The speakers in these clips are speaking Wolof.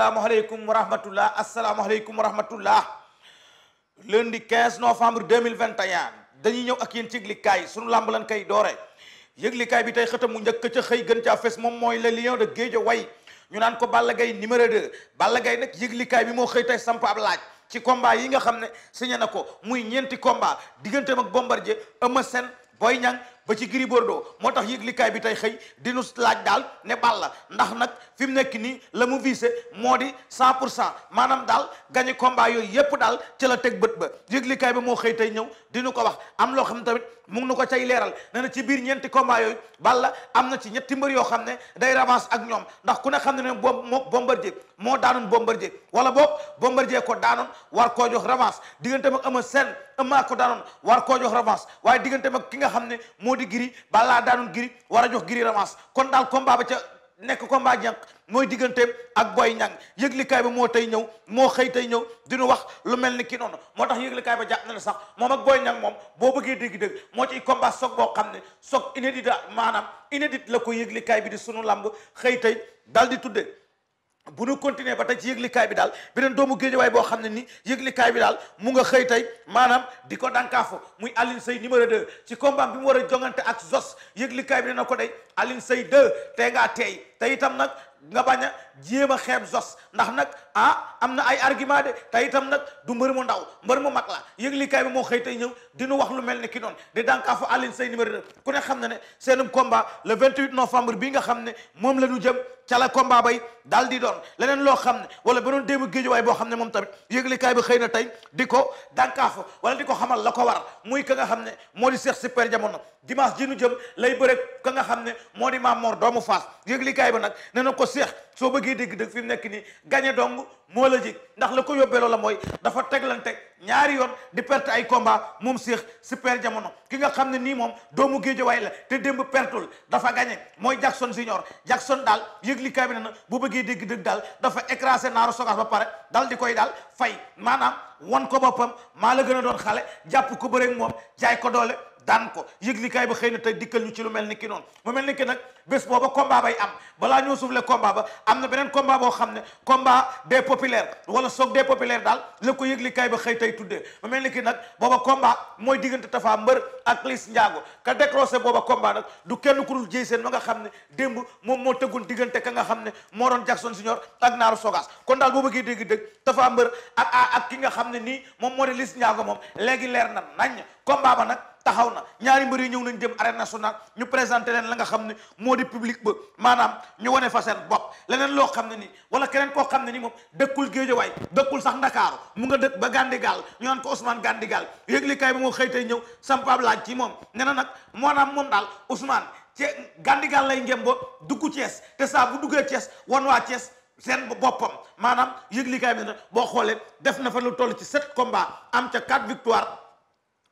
asalaamaaleykum wa rahmatullah asalaamaaleykum wa rahmatullah lundi 15 novembre 2021 dañuy ñëw ak yéen ci yëglikaay sunu làmb lan kay doore yëglikaay bi tey xëtam mu njëkk ca xëy gën caa fes moom mooy le lion de Guédiawaye ñu naan ko Balla gay numéro 2 Balla gay nag yëglikaay bi moo xëy tey samp ab laaj ci combat yi nga xam ne signé na ko muy ñeenti combat digganteem ak Bombardier Eumeu Sène booy Niang ba ci Gris doo moo tax yëglikaay bi tey xëy di laaj daal ne Balla ndax nag fi mu nekk nii la mu visé moo di cent pour cent maanaam daal gagné combat yooyu yépp daal ci la teg bët ba yëglikaay bi moo xëy tey ñëw di ko wax am loo xam tamit mu ngi na ko cay leeral nee na ci biir ñeenti combat yooyu Balla am na ci ñetti mbër yoo xam ne day ravance ak ñoom ndax ku ne xam ne ne bom moo Bombardier moo daanoon Bombardier wala boog Bombardier ko daanoon war koo jox revanche diggante mag Eumeu Sène Eumeu ko daanoon war koo jox revanche waaye diggante mag ki nga xam ne moo di Gris Balla daanoon giri war a jox Gris revanche kon daal combat ba ca nekk combat jànq mooy digganteem ak Boy ñang yëglikaay bi moo tey ñëw moo xëy tey ñëw dinu wax lu mel ni ki noonu moo tax yëglikaay ba jàpp na ne sax moom ak Boy Niang moom boo bëggee dégg-dégg moo ci combat soog boo xam ne soog inédit maanaam inédit la ko yëglikaay bi di sunu làmb xëy tey dal di tudde bu ñu continuer ba tey ci yëglikaay bi daal beneen doomu géejawaay boo xam ne ni yëglikaay bi daal mu nga xëy tey maanaam di ko dànkaafu muy Alioune Seye numéro 2 ci combat bi mu war a jongante ak Zos yëglikaay bi dina ko day Alioune Seye 2 tey ngaa teey te itam nag nga bañ a jéem a xeeb zos ndax nag ah am na ay argument de te itam nag du mbër mu ndaw mbër mu mag la yëglikaay bi moo xëy tey ñëw dinu wax lu mel ne ki noonu di dànkaafu Alioune Seye numéro 2 ku ne xam na ne seenum combat le 28 novembre bi nga xam ne moom la ñu jëm ca la combat bay daal di doon leneen loo xam ne wala benoon déemu géejuwaay boo xam ne moom tamit yëglikaay bi xëy na tey di ko dànkaafu wala di ko xamal la ko war muy ka nga xam ne moo di Cheikh Super Jamono dimanche ji nu jëm lay bëre ka nga xam ne moo di Mamor doomu Faas yëglikaay bi na Cheikh soo bëggee dégg dëgg fi mu nekk nii gagné dong moo la jig ndax la ko yóbbee loola mooy dafa teglante ñaari yoon di perte ay combat moom Cheikh super jamono ki nga xam ne nii moom doomu waay la te démb pertul dafa gagné mooy Jackson Junior Jackson daal yëgli kaay bi ne na bu bëggee dégg dëgg daal dafa écrasé naaru sogaas ba pare dal di koy daal fay maanaam won ko boppam maa la gën a doon xale jàpp ko bëreeg moom jaay ko doole daan ko yëglikaay ba xëy na tey dikkal ñu ci lu mel ni ki noonu mu mel ni ki nag bés booba combat bay am balaa ñoo suufle komba ba am na beneen combat boo xam ne combat des populaires wala soog des populaires daal la ko yëglikaay ba xëy tey tuddee mu mel ni ki nag booba combat mooy diggante Tafa Mbër ak Liss Ndiago ka décroché booba combat nag du kenn ku dul seen ma nga xam ne démb moom moo tëggoon diggante ka nga xam ne moo doon Jackson Senior ak Naaru Sogas kon daal boo bëggee dégg dëgg Tafa Mbër ak ak ki nga xam ne nii moom moo di Liss moom léegi leer na nañ combat ba nag taxaw na ñaari mbër yi ñëw nañ jëm arène nationale ñu présenté leen la nga xam ne moo di public ba maanaam ñu wane fa seen bopp leneen loo xam ne nii wala keneen koo xam ne nii moom dëkkul géejawaay dëkkul sax ndakaaru mu nga dëkk ba Gandigal gaal naan ko Ousmane Gandigal yëglikaay bi moo xëy tey ñëw sampaab laaj ci moom nee nag maanaam moom daal Ousmane ci Gandigal lay ngem ba dugg Thiès te saa bu duggee Thiès wan waa Thiès seen boppam maanaam yëglikaay bi nag boo xoolee def na fa lu toll ci sept combat am ca quatre victoire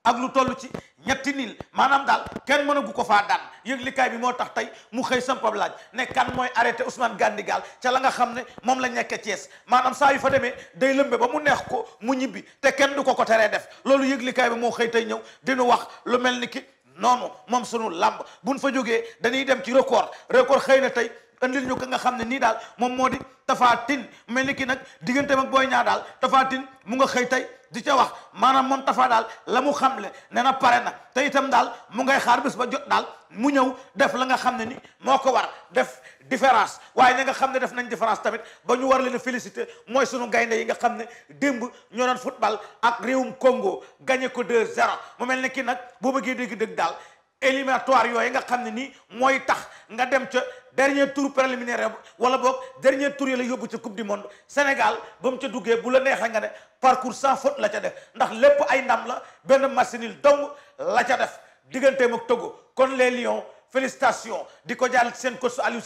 ak lu toll ci ñetti niil maanaam daal kenn mënagu ko faa daan yëglikaay bi moo tax tey mu xëy sampab laaj ne kan mooy arrêté Ousmane Gandigal ca la nga xam ne moom la ñekke Thiès maanaam saa yu fa demee day lëmbe ba mu neex ko mu ñibbi te kenn du ko ko teree def loolu yëglikaay bi moo xëy tey ñëw dinu wax lu mel ni ki noonu moom sunu làmb buñ fa jógee dañuy dem ci record record xëy na tey andil ñu ko nga xam ne nii daal moom moo di tafaatin mel ni kii nag digganteem ak booy ñaa daal tafaatin mu nga xëy tey di ca wax maanaam moom tafa daal la mu xam ne na pare na te itam daal mu ngay xaar bés ba jot daal mu ñëw def la nga xam ne ni moo ko war def différence waaye ñi nga xam ne def nañ différence tamit ba ñu war leen a mooy sunu gaynde yi nga xam ne démb ñoo doon football ak réewum Congo gagné ko 2-0 mu mel ni ki nag boo bëggee dégg daal éliminatoire yooyu nga xam ne nii mooy tax nga dem ca dernier tour préliminaire wala boog dernier tour yi la yóbbu ca coupe du monde Sénégal ba mu ca duggee bu la neexee nga ne parcours sans faute la ca def ndax lépp ay ndam la benn machine il dong la ca def digganteem ak Togo kon les Lions félicitations di ko jàll seen coach Aliou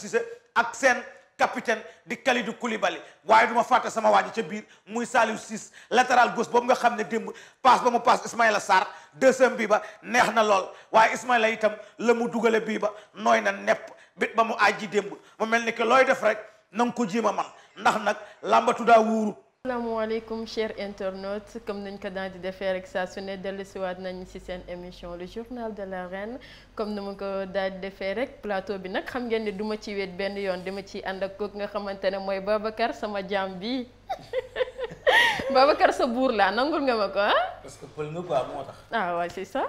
ak seen. capitaine di Kalidou Koulibaly waaye du ma fàtte sama waaji ca biir muy Saliou Ciss latéral gauche boobu nga xam ne démb passe ba mu passe Ismaïla Sarr deuxième bii ba neex na lool waaye Ismaïla itam la mu dugale bii ba nooy na nepp bit ba mu àjji démb mu mel ni que looy def rek na nga ko jéem a man ndax nag làmbatu daa wuuru asalaamaaleykum chers internautes comme nañ ko daan di defee rek saa su ne dellusiwaat nañ ci seen émission le journal de la reine comme nu ma ko daal di defee rek plateau bi nag xam ngeen ne du ci wéet benn yoon dama ci ànd ak kooku nga xamante ne mooy Babacar sama jaam bi Babacar sa buur laa nangul nga ma ko ah. parce que pël nga quoi moo tax. ah waaw c'est ça.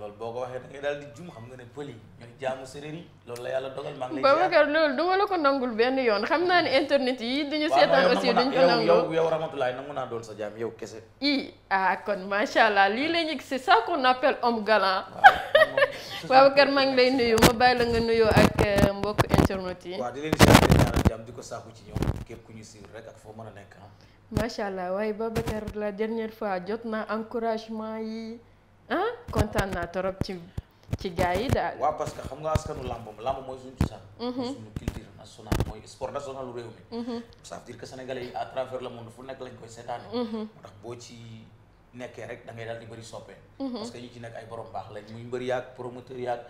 loolu boo ko waxee da ngay daal jum xam nga ne pël yi ñooy jaamu séeréer yi loolu la yàlla dogal maa ngi lay Babacar loolu du ma la ko nangul benn yoon xam naa ne internet yi duñu seetaan aussi duñ ko nangu yow yow doon sa jaam yow kese i ah, kon macha allah lii la ñu c'est ça qu'on appelle homme galant Babacar ngi lay nuyu ma bàyyi la nga nuyoo ak euh, mbokk internet yi waaw di leen siyaare di ko sàkku ci ñoom képp ku ñu suivre rek ak foo mën a nekk macha allah waaye Babacar la dernière fois jot naa encouragement yi ah kontaan naa torop ci ci yi daal. waaw parce que xam nga askanu lamb lamb mooy suñu cosaan. Mhm. suñu culture nationale mooy sport national lu réew mi. Mhm. ça dire que sénégalais à travers le monde fu nekk lañ koy seetaanee. ndax mhm. boo ci. nekkee rek da ngay daal di bari soppe mhm. parce que ñi ci nekk ay borom baax lañ muy bëri yaag promoteur yaag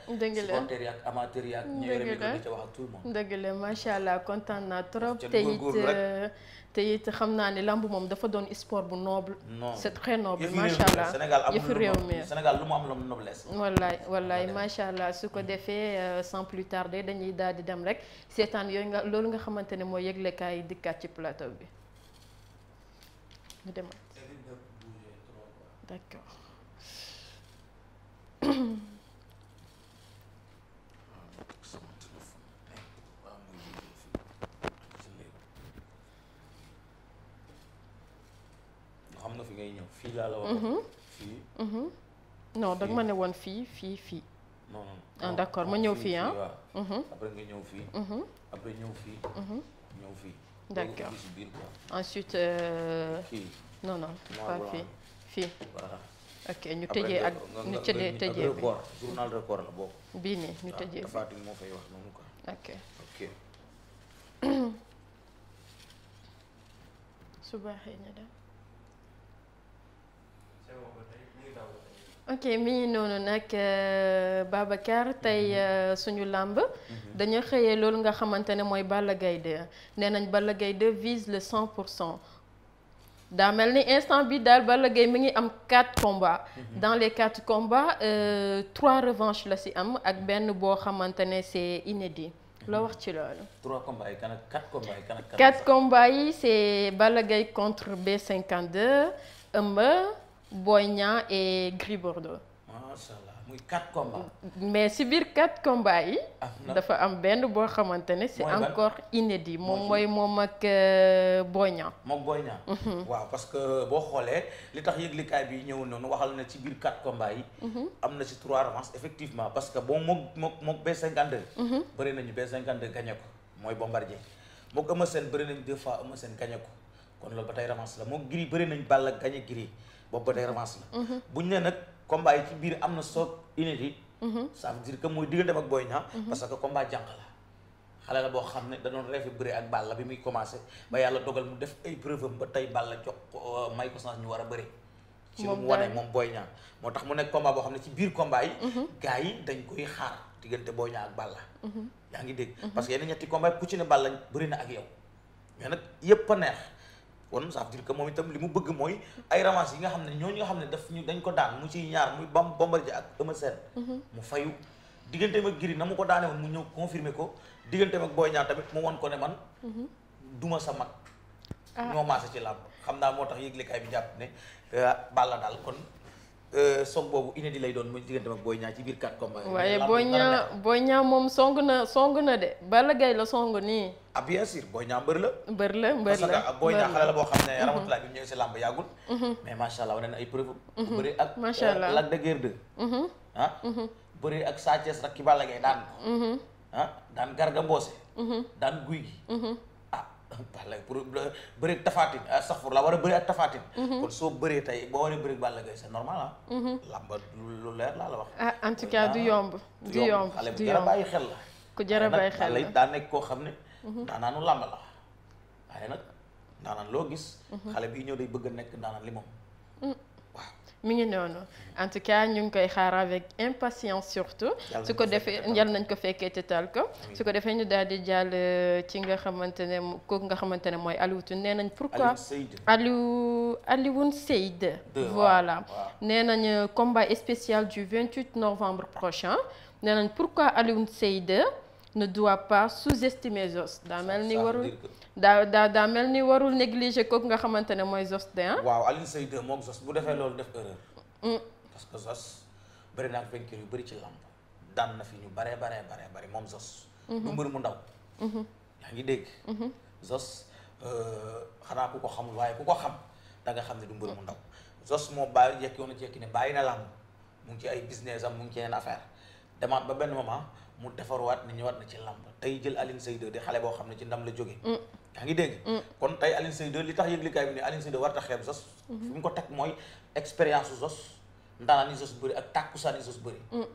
supporter yaag amateur yaag ñu yore micro di macha allah kontaan naa trop te it euh, te it xam naa ni lamb moom dafa doon sport bu noble non c'est très noble macha allah Sénégal yëfi réew mi Sénégal lu mu am la mu noblesse wallaay wallaay macha allah su ko mm-hmm. defee euh, sans plus tarder dañuy daal di dem rek seetaan yooyu nga loolu nga xamante ne mooy yëglekaay dikkaat ci plateau bi ñu D'accord. xam nga fi ngay ñëw fii laa la wax. fii. non danga ma ne woon fii fii fii. non non ah d' accord ma ñëw fii ah. après nga ñëw fii. après ñëw fii. ñëw fii. d' accord ensuite. non non pas fii. fii ok ñu tëjee ak ñu tëjee tëjee bi journal bii nii ñu tëjee bi Fatick moo fay wax noonu quoi ok ok su baaxee ñu dem ok mi noonu nag euh, Babacar tey mhm. euh, suñu làmb mhm. dañoo xëyee loolu nga xamante ne mooy Balla Gaye 2 nee nañ Balla Gaye vise le cent pour cent daa mel ni instant bi daal Balla Gaye mi ngi am quatre combats mhm. dans les quatre combats euh, trois revanches la si am ak benn boo xamante ne c'est inédit mhm. la wax ci loolu. trois combats yi kan ak quatre combats yi c'est Balla Gaye contre B52 Eumeu Boy Niang et Gris Bordeaux. muy quatre combats. mais si biir quatre combats yi. Ah, dafa am benn boo xamante ne c'est encore inédit moom mooy moom ak euh, Boy Niang. moom Boy Niang. Mhm. waaw parce que boo xoolee li tax yëglikaay bi ñëw noonu waxal na ci biir quatre combats yi. Mhm. am na ci trois revanches effectivement parce que bon moog moog moog B52. Mhm. bëri nañu B52 gagné ko mooy Bombardier moog Eumeu Sène bëri nañu deux fois Eumeu Sène ko kon loolu ba tey revanche la moog Gris bëri nañu Balla gagné Gris boobu ba tey revanche combat yi ci biir am na soog inédit. Mhm. ça veut dire que mooy diggante ak Boy Niang. Mhm. parce que combat jàng la. xale la boo xam ne da doon reefe bëre ak Balla bi muy commencé ba yàlla dogal mu def ay preuve am ba tey Balla jox ko euh, may ko chance ñu war a bëre. ci moom Boy Niang moo tax mu nekk combat boo xam ne ci biir combat yi. Mhm. gars yi dañ koy xaar diggante Boy Niang ak Balla. yaa ngi dégg parce que yenn ñetti combat ku ne Balla bëri na ak yow mais nag yëpp neex. kon ça veut dire que moom itam li mu bëgg mooy ay revanche yi nga xam ne ñooñu nga xam ne daf ñu dañ ko daan mu ciy ñaar muy bam Bombardier ak Eumeu Sène mhm. mu fayu digganteem ak Gris na mu ko daane woon mu ñëw confirmer ko digganteem ak booy Niang tamit mu won ko ne man mhm. duma sa mag ah. ñoo maase ci làmb xam naa moo tax yëglekaay bi jàpp ne euh, Balla daal kon Euh, song boobu inédit lay doon mu diggante ak Boy Niang ci biir quatre combats. waaye Boy Niang Boy Niang moom song na song na de Balla Gaye la song nii. ah bien sûr Boy Niang mbër la. mbër la mbër la parce que Boy Niang xale la boo xam ne mhm. rahmatulah bi mu ñëwee si làmb yàggul. Mhm. mais macha allah wane na ay preuve. Mhm. bëri ak macha euh, allah Lac de Guiers ah? bëri ak Sa Thiès rakki Balla Gaye daan ah? daan Garga Mbossé. daan Guy gi. Balla pour bëri ak Tafatine astaghfirullah war a bëri ak Tafatine. Mhm. soo bëree tey boo waree a ak Balla Gaye c'est normal ah. Mhm. lamba lu leer laa la wax. ah en tout cas du ah, yomb. du yomb xale bu jar a bàyyi xel la. ku jar a bàyyi xel la daa nekk koo xam ne. Mhm. daanaanu lamba la waaye nag daanaan loo gis. xale bi ñëw day bëgg a nekk daanaan li moom. mu ngi noonu en tout cas ñu ngi koy xaar avec impatience surtout su ko defee yal nañ ko fekkee te tal ko su ko defee ñu daal di jàll euh, ci nga xamante ne kooku nga xamante ne mooy Aliou nee nañ pourquoi Aliou Alioune Seyde voilà nee nañ combat spécial du 28 novembre prochain nee nañ pourquoi Alioune Seyde ne doit pas sous-estimer Zoss. daa mel ni warul daa daa daa mel ni warul négliger kooku nga xamante ne mooy sos de ah. waaw Alioune Seye 2 moom sos bu defee loolu def erreur. Mm. parce que sos bari naa ak vainqueur yu bëri ci lamb daan na fi ñu baree bare baree bari moom Zoss. Mm-hmm. du mbër mu ndaw. Mm-hmm. yaa ngi dégg. Mm-hmm. Zoss euh, xanaa ku ko xamul waaye ku ko xam da nga xam ne du mbër mu ndaw Zoss moo bàyyi jekki woon jekki ne bàyyi na lamb mu ngi ci ay business am mu ngi ci yeneen affaire benn moment. mu waat ne ñëwaat na ci lamb tey jël Alioune Seye 2 xale boo xam ne ci ndam la jógee mm. yaa ngi dégg mm. kon tey Alioune Seye li tax yëglikaay bi ne Alioune Seye 2 war tax xeeb Zoss mm-hmm. fi mu ko teg mooy expérience Zoss ndaanaan yi Zoss bëri ak tàkkusaan yi Zoss bëri mm.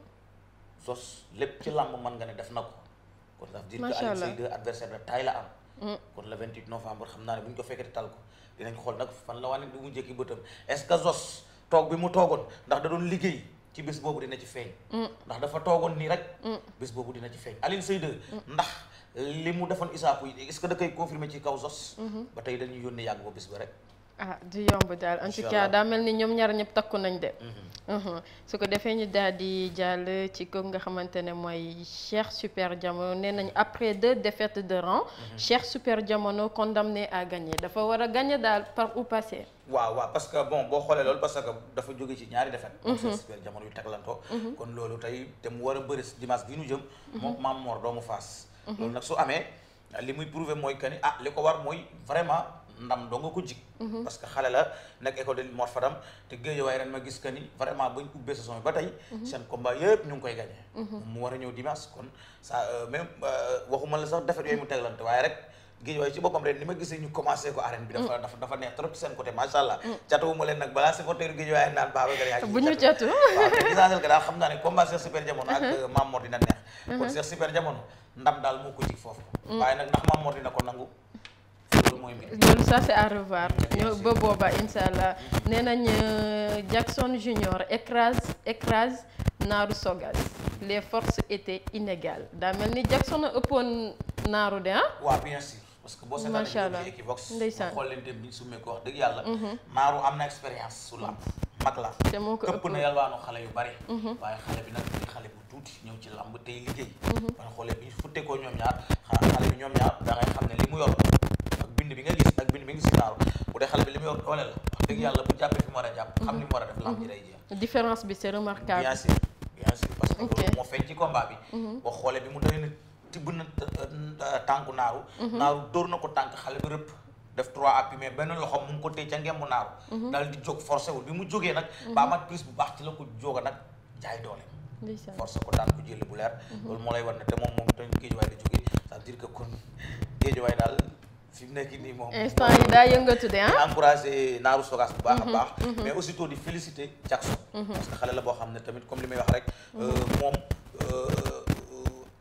Zoss lépp ci lamb mën nga ne def na ko kon daf dire que Alioune Seye la am kon le 28 novembre xam naa ne bu ñu ko fekkee tal ko dinañ xool nag fan la wane du mu jëkki bëtam est-ce que Zoss toog bi mu toogoon ndax da doon liggéey ci bés boobu dina ci feeñ mm. ndax dafa toogoon nii rek mm. bés boobu dina ci feeñ Alioune Seye 2 mm. ndax li mu defoon isaapu yi est-ce que da koy confirmer ci kaw sos mm-hmm. ba tey dañuy yónnee yàgg ba bés ba rek ah du yomb daal en tout cas daa mel ni ñoom ñaar ñëpp takku nañ de mm-hmm. Mm-hmm. su ko defee ñu daal di jàll ci ko nga xamante ne mooy Cheikh Super Diamono nee nañ après deux défaites de rang Cheikh Super Diamono condamné à gagner dafa war a gagner daal par où passer waaw waaw parce que bon boo xoolee loolu parce que dafa jóge ci ñaari defet super jamono yu teglantoo kon loolu tey te mu war a bëri dimanche bi ñu jëm mhm. moom maam Mor doomu Faas mhm. loolu nag su amee li muy prouver mooy que ah li ko war mooy vraiment ndam doo nga ko jig mhm. parce que xale la nekk école de Mor Fadam te Guédiawaye ren ma gis que ni vraiment bañ ubbee saison bi ba tey seen combat yëpp ñu ngi koy gagné mu war a ñëw dimanche kon ça euh, même euh, waxuma la sax defet Guédiawaye ci boppam ren ni ma gisee ñu commencé ko arène bi mm. dafa dafa dafa neex trop ci seen côté macha allah mm. catuwu leen nag balaa supporteru Guédiawaye naan Babacar yaa bu ñu catu mm-hmm. neex mm-hmm. kon Cheikh Super ko ci foofu mm. waaye nag nangu loolu ça c'est à revoir mm-hmm. ba booba insha allah nee nañ euh, Jackson Junior écrase écrase naaru sogas les forces étaient inégales daa mel ni Jackson a ëppoon naaru de ah waaw parce que boo seetaanee Equivox ndeysaan xool leen dem bi ñu wax dëgg yàlla mhm. naaru am na expérience su làmb mag la te moo ko ëpp na yalwaanu xale yu bari mhm. waaye xale bi nag mhm. bi ñu futtee ko ñoom ñaar xale bi ñoom ñaar da xam ne li mu yor ak bind bi nga gis ak bind bi nga gis naaru bu dee xale bi li mu yor doole la dëgg yàlla bu jàppee fi mu war a jàpp xam ni mu war a def làmb ji day jeex différence bi c'est remarquable bien sûr bien sûr parce que loolu moo feeñ ci combat tibb na euh, euh, tànku naaru mhm. naaru dóor na ko tànk xale bi rëpp def trois appuis mais benn loxo mu ko téye ca ngembu naaru mhm. daal di jóg forcé wul bi mu jógee nag mhm. ba amaat prise bu baax ci la ko jóga nag jaay doole forcé ko daan ko jëli moo lay war ne te moom moom tamit géejuwaay la jógee c'est-à-dire que kon géejuwaay daal fi mu nekk nii moom instant yi daa yëngatu de ah encouragé naaru sogaas bu baax a baax mais aussitôt di féliciter Jackson parce que xale la boo xam ne tamit comme li may wax rek euh, moom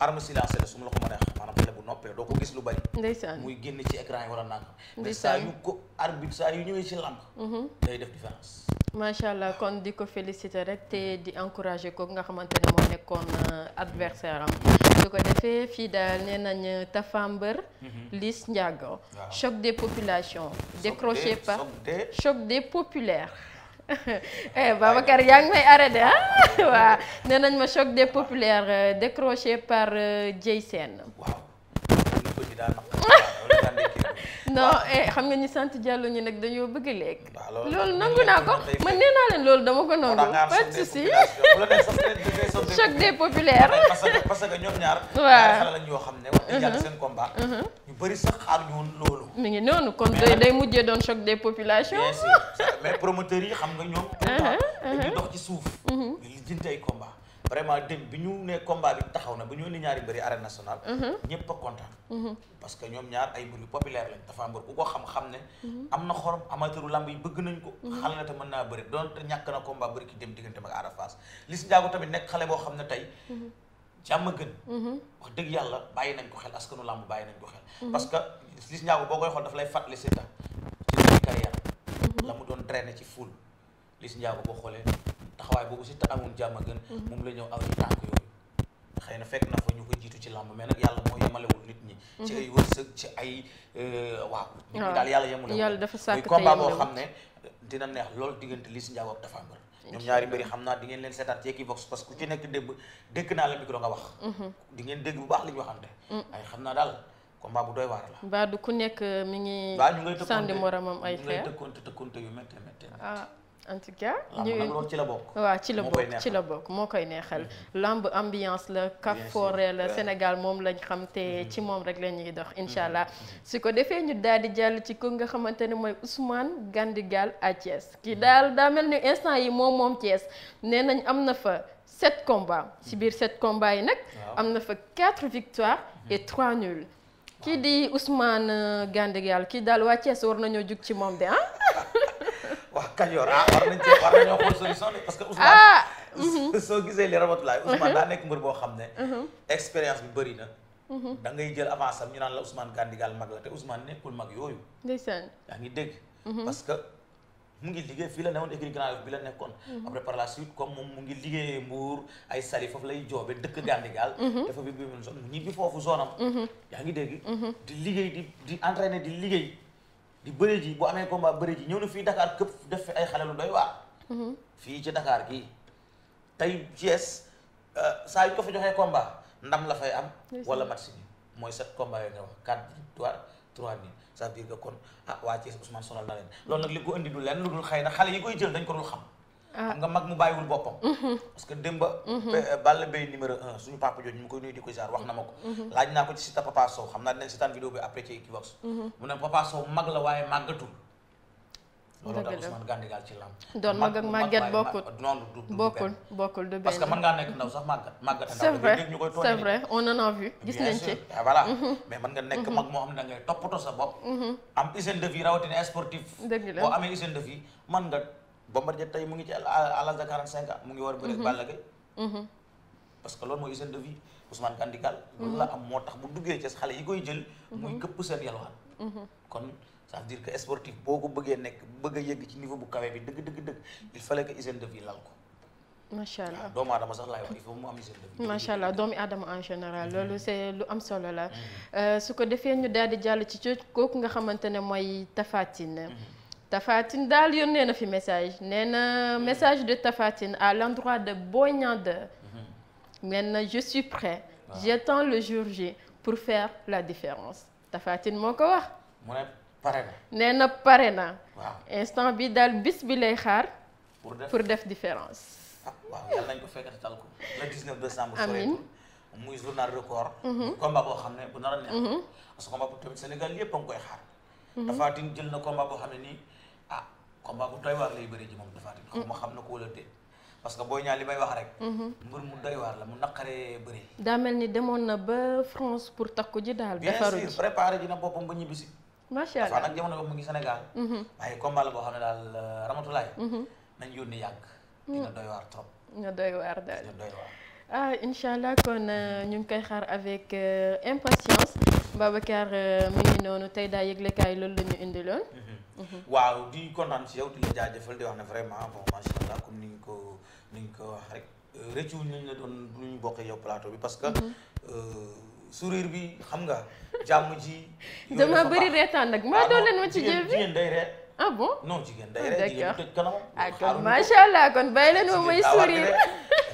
arme silencée su ma la ko mën a wax maanaam xale bu noppee doo ko gis lu bari ndeysaan muy génn ci écran yi wala naka mais saa yu ko arbitre yu ñëwee ci làmb mhm. day allah kon di ko féliciter rek te di encourager ko nga xamante ne moo nekkoon euh, adversaire am su ko defee fii daal nee nañ Tapha Mbeur mhm. Liss Ndiago choc des populations par choc des populaires Eh, Babacar yaa ngi may arrêté ah waaw nee nañ ma choc de populaires euh, décroché par Diey euh, Sène. waaw non eh, xam nga ñi sant Diallo ñi nag dañoo bëgg lekk. loolu nangu naa ko man nee naa leen loolu dama ko nangu. pas de souci choc des populaires. parce que parce que ñoom ñaar. yoo xam ne wax dëgg yàlla uh-huh. bëri uh-huh. sax xaar ñu woon loolu. mi ngi noonu kon day day mujjee doon choc des populations. bien sûr mais promoteurs yi xam nga ñoom. Uh-huh, dañuy dox ci suuf. mais li jënd vraiment dëgg bi ñu ne combat bi taxaw na bu ñu ni ñaari mbëri arène nationale mhm. ñëpp a kontaan mhm. parce que ñoom ñaar ay mbër yu populaire lañ dafa mbër ku ko xam-xam ne mhm. am na xorom amateuru lamb yi bëgg nañ ko xale la man mën naa bëri doonte ñàkk na combat bëri ki dem diggante mag Ada Fass Liss Ndiago tamit nekk xale boo xam ne tey jàmm gën wax dëgg yàlla bàyyi nañ ko xel askanu làmb bàyyi nañ ko xel parce que Liss Ndiago boo koy xool dafa lay fàttali seeta ci doon drainer ci ful Liss Ndiago boo xoolee taxawaay boobu si ta amoon jàmm gën mhm. moom la ñëw aw ñu tànk yooyu xëy na fekk na fa ñu ko jiitu ci làmb mais nag yàlla moo yemalewul nit ñi mhm. ci ay wërsëg ci ay euh, waaw daal yàlla yemulewul yàlla dafa sàkk combat boo xam parce que ku ci nekk démb dégg naa la micro nga wax mhm. di ngeen dégg bu baax li ñu waxante mm. ay xam naa daal combat bu doy waar la mbaa du ku nekk euh, mi ngi sànni moromam ay xeer ñu ngay tëkkonte tëkkonte yu métti métti ah en tout cas ah, la bokk. waaw ci la bokk ci la bokk moo koy neexal. Mm-hmm. lamb ambiance la Cap Forêt la Sénégal moom lañ xam te mm-hmm. ci moom rek la ñuy dox mm-hmm. incha allah. su ko defee ñu daal di jàll ci ko nga xamante ne mooy Ousmane Gandigal à Thiès ki daal daa mel ni instant yi moom moom Thiès nee nañ am na fa sept combats si biir sept combats yi nag. am na fa quatre victoires et trois nuls. kii di Ousmane euh, Gandigal kii daal waa Thiès war nañoo jug ci moom de ah. Kajoor ah war nañ cee war nañoo xool solution a parce que Ousmane soo gisee li ramatulaay Ousmane daa nekk mbër boo xam ne expérience bi bëri na jël avance am ñu naan la Ousmane Gandigal mag la te Ousmane nekkul mag yooyu ndeysaan yaa ngi dégg parce que mu ngi liggéey fii la newoon écurie Grand Yoff bi la nekkoon après par la suite comme moom mu ngi liggéeyee Mbour ay sali foofu lay joobe dëkk Gandigal dafa bi bimun zone mu ñibbi foofu zone am yaa ngi dégg di di bëri ji bu amee combat bëri ji ñëw na fii Dakar këpp def fi ay xale lu doy waar. Mhm. fii ci dakaar gii tey Thiès euh, saa yu ko fa joxee combat ndam la fay am. wala match bi mooy sept combat yooyu nga wax quatre victoire trois nul ça veut dire kon ah waa Thiès Ousmane sonal na leen loolu nag li ko indi du leen lu dul xëy na xale yi koy jël dañ ko dul xam. Ah. xam nga mag mu bàyyiwul boppam mhm. parce que démba mhm. eh, Balla Beye numéro un suñu papa jooju ñu koy nuyu di ko jaar wax na ma ko mhm. laaj naa ko ci sita Papa Sow xam naa dinañ seetaan vidéo bi après ci Equivox mu ne Papa Sow mag la waaye mag ak màgget bokkul noonu du bokkul bokkul du benn parce que mën ngaa nekk ndaw a ah, mag moo toppatoo sa bopp am hygiène de vie rawatina sportif boo amee hygiène de vie nga Bombardier tey mu ngi ci à l'âge de 45 ans mu ngi war a bëre mhm. Balla Gaye mhm. parce que loolu mooy hygiène de vie Ousmane Gandigal loolu la am moo tax bu duggee ci xale yi koy jël mhm. muy këpp seen yalwaan kon ça veut que sportif boo ko bëggee nekk bëgg a yëgg ci niveau bu kawe bi dëgg dëgg il fallait que hygiène de vie lal ko macha allah doomu aadama en général loolu c'est lu am solo la euh, su ko defee ñu daal jàll ci cooc kooku nga xamante ne mooy Tapha Tine Tafatine daal yónnee na fi message nee na message de Tafatine à l'endroit de Boy Niang 2 mhm. na je suis prêt ah. j'attends le jour J pour faire la différence Tafatine moo ko wax. mu ne pare na. nee na pare na. instant bi daal bis bi lay xaar. pour def def différence. ah waaw yàlla nañu ko fekk tal ko le mhm. ne bu nar a neex. Mhm. parce bu tamit Sénégal yëpp a ngi koy xaar. Tafatine jël na combat boo xam ne nii. combat bu doy lay bëree ji moom Tapha Tine xaw ma xam na ko wala déet parce que booy ñaar li may wax rek. Mhm. mbër mu doy waar la mu naqaree bëri. daa mel ni demoon na ba France pour takku ji daal. defaru ji bien sûr préparé ji na boppam ba ñibbisi. macha allah nag jamono boobu mu ngi Sénégal. Mhm. waaye combat la boo xam ne daal euh, Ramatulaay. Mhm. nañ yónni yàgg. dina doy trop. dina doy daal dina ah, allah kon euh, ñu ngi koy xaar avec euh, impatience Babacar mi ngi noonu tey daa yëgle loolu waaw di kontaan si yow di la jaajëfal de wax na vraiment bon macha allah comme ni nga ko ni nga ko wax rek rëccu ñu lañ la doon bu ñu bokkee yow plateau bi parce que. Mhm. Euh, sourire bi xam nga jàmm ji. dama bëri reetaan nag maa ah, doon leen ma ci jël bi jigéen day reet. ah bon non jigéen day ah, reet jigéen tëj kanam. ah kon allah kon bàyyi leen ma mooy sourire.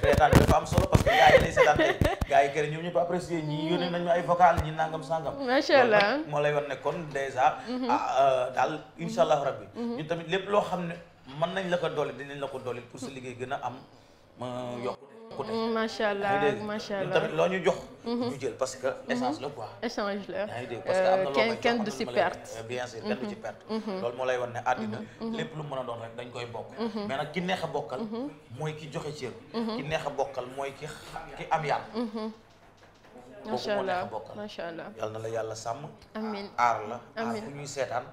reetaan bi dafa solo parce que gars yi lay seetaan gars yi kër ñoom ñëpp apprécié ñii mm. yónnee nañu ay vocal ñi nangam sangam macha allah moo lay war ne kon dèjà mm-hmm. ah, euh, daal incha allah rabbi mm-hmm. ñu tamit lépp loo xam ne mën nañ la ko doole dinañ la ko doole pour sa liggéey gën a am yokku Mm, macha allah macha allah tamit loo ñu jox. Mm-hmm. ñu jël parce que échange mm-hmm. la quoi. échange la yaa parce que am na euh, loo kenn du si perte. Euh, bien sûr mm-hmm. loolu moo lay wan ne àddina. lépp lu mën a doon rek dañ koy bokk. mais nag ki neex a bokkal. mooy ki joxe cër. ki neex a bokkal mooy ki ki am yar. macha allah kooku yal na la yàlla sàmm. aar la aar fu ñuy seetaan.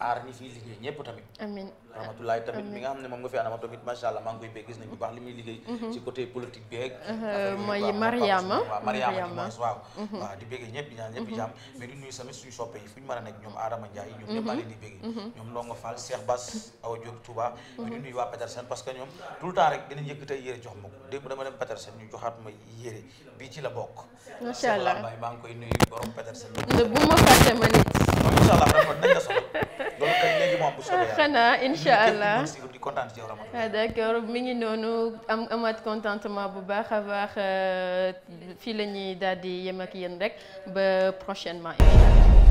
aar ñi siy liggéey ñëpp tamit amiin rahmatulaay tamit mi nga xam moom nga fi koy bëgg gis nañ bu baax li muy liggéey mhm. ci côté politique bi ak mooy Mariama waaw mhm. ñëpp di ñaan ñëpp mhm. jàmm suñu soppe yi fu ñu mën ñoom Adama Ndiaye ñoom ñëpp maa leen waa Petersen parce que ñoom tout le temps rek dinañ yëkkatay yére jox ma ko démb dama dem Petersen ñu joxaat ma yére bii ci la bokk macha allah maa ngi koy nuyu borom Petersen bu ma fàtte ma nit macha allah moom bu soobee xanaa incha allah ah, d'accord mi noonu amaat contentement bu baax a baax euh, fii la ñuy daal di yem ak yéen rek ba prochainement incha allah